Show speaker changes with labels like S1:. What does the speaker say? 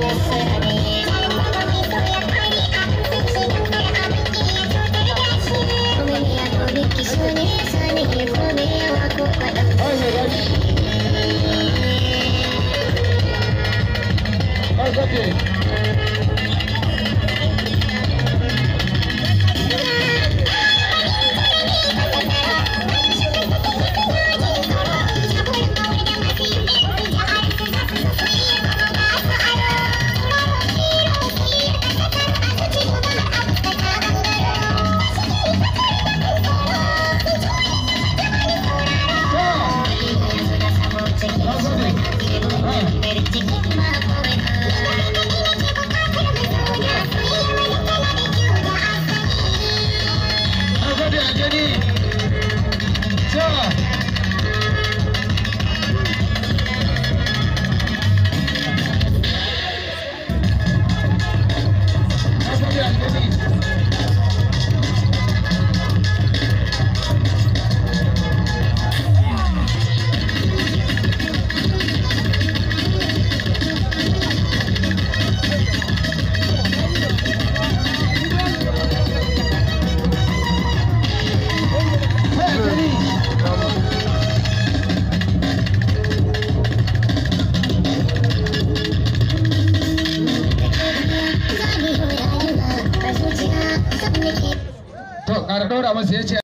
S1: Thank you. जाएगी I Maratoda, Amasia,